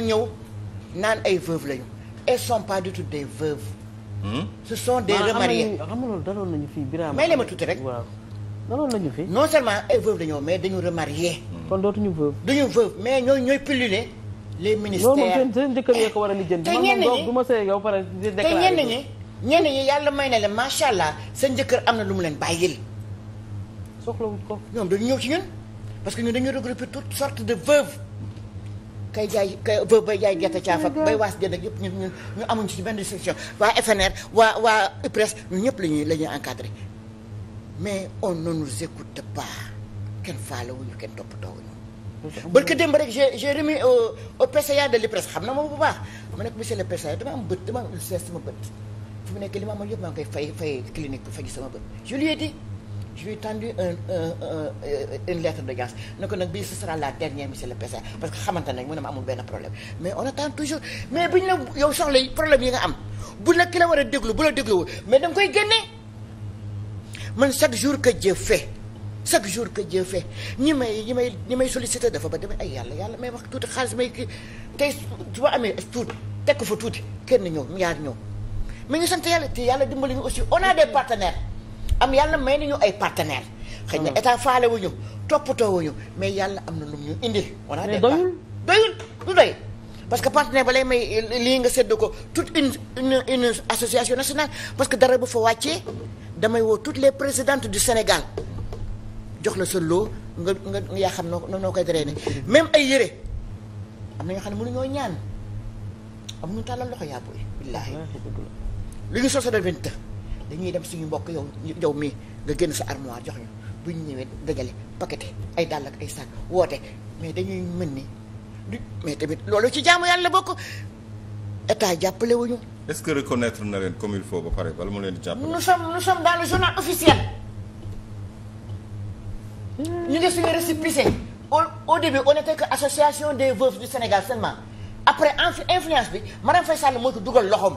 ñu ñëw naan ay veuves lañu elles sont pas du tout des veuves. Hmm? ce sont des remariés. xam nga may leen ma tuuti rek. waaw daloon nañu fi. non seulement ay veuves dañoo mais dañu remarié. Hmm. kon dootuñu veuve. duñu veuve mais ñooy ñooy pulluler les ministères loolu moom seen jëkkër yee ko a te ñenn ñi di déclaré. te ñenn ñi ñenn ñi yàlla may na leen macha allah seen jëkkër am na lu mu leen bàyyil. soxlawul ko ñoom dañu ñëw ci ñun parce kay jaay kay bay jaay gerte caaf ak bay waas jënd ak yëpp ñu ñu ñu amuñ ci benn restriction waa FNR waa waa IPRES ñu ñëpp la ñuy la ñuy encadré mais on ne nous écoute pas kenn faalewuñu kenn toppatoowuñu bër ka démb rek j'ai j'ai remis au au PCA de l'IPRES xam na moom bu baax ma nekk monsieur le PCA dama am bët dama am ulcère sama bët fi mu nekk li ma amoon yëpp maa ngi koy fay fay clinique bi faji sama bët je lui je lui ai tendu un euh, une de gage ne ko nag bii ce sera la dernière monsieur le PCA parce que xamante nañ mu ne ma amul benn problème mais on attend toujours mais bu ñu la yow soxla problème yi nga am bu la la war a déglu bu la dégluwul mais da nga koy génnee man chaque jour que Dieu fait chaque jour que Dieu fait ñi may ñi may ñi may sollicité dafa ba demee ay yàlla yàlla mais wax tuuti xaalis may kii tey su ma amee tuuti teg ko fa tuuti kenn ñëw ñaar ñëw mais ñu yàlla dimbali aussi on a des am yàlla may na ñu ay partenaires. xëy na état faale wu ñu toppatoo wu ñu mais yàlla am na lu ñu indi. on a des doyul doyul du doy. parce que partenaire ba lay may lii nga sedd ko toute une une une association nationale parce que dara bu fa wàccee damay woo tout les présidentes du Sénégal jox la sa loo nga nga yaa xam noo noo koy drainer même ay yére am na ñoo xam ne mu mënuñoo ñaan am ñu tàllal loxo yàbbu yi billaahi lu ñu soso da vingt dañuy dem suñu mbokk yow yow mii nga génn sa armoire jox ñu bu ñu ñëwee dajale paqueté ay dàll ak ay saak woote mais dañuy mën ni du mais tamit loolu ci jaamu yàlla bokk état jàppale wuñu est-ce que reconnaître na leen comme il faut ba pare bala mu leen di jàppale. nous sommes nous sommes dans le journal officiel. ñu def si récépissé au au début on était que association des veuves du Sénégal seulement après influence bi Marème fay Sall moo ko dugal loxoom.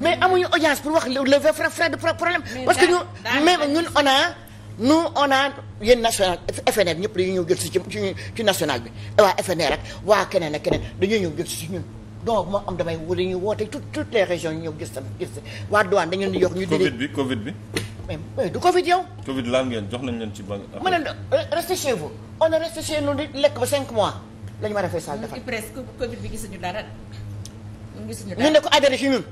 mais amuñu audience pour wax le vrai frais de problème. parce que ñu même ñun on a nous on national FNR ñëpp dañuy ñëw jël si ci ci national bi waa FNR ak waa keneen ak keneen dañuy ñëw jël si ñun. donc moo am damay dañuy woote toutes toutes les régions ñu ñëw gis tam gis waa douane dañu leen di yokk ñu. Covid bi Covid bi. mais du Covid yow. Covid laal ngeen jox nañ leen ci banque. ma ne restez di lekk ba 5 mois la ñu mën defar. bi gisuñu dara. gisuñu ñu ne ko adhéré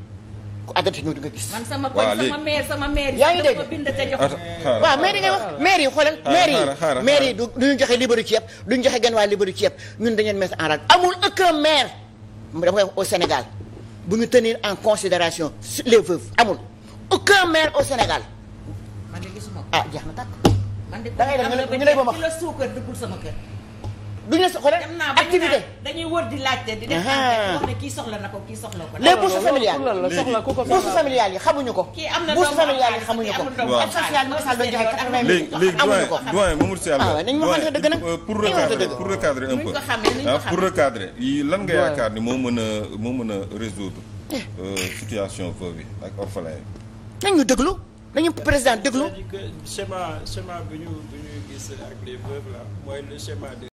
ku àggati ñëw di nga gis. man sama koñ sama yaa ngi dégg waaw maire yi ngay wax maire yi xoolal. maire yi maire yi du ñu joxe libéru ceeb du ñu joxe genn waa libéru ceeb ñun dañu en rade amul aucun maire au Sénégal bu ñu tenir en considération les amul aucun maire au Sénégal. man de gisuma ah jeex na tàkk. man du ñu xoolal activité dañuy wër di laajte di def enquête wax ne kii soxla na ko kii soxla ko. les bourses familiales soxla ku ko bourses familiales yi xamuñu ko. kii am na bourses familiales yi xamuñu ko. waaw ak social bi Sall doon joxe quatre-vingt mille. amuñu ko doyen doyen Mamadou Diallo. waaw ah nañu ma waxante dëgg nag euh, pour recadrer pour recadrer un peu ah, pour recadrer yi lan nga yaakaar ni moo mën a moo mën a résoudre euh, situation veuve yi ak orphelin yi. nañu déglu nañu président déglu. c'est-à-dire que schéma schéma bi ñu bi ñu gis ak les veuves là mooy le schéma de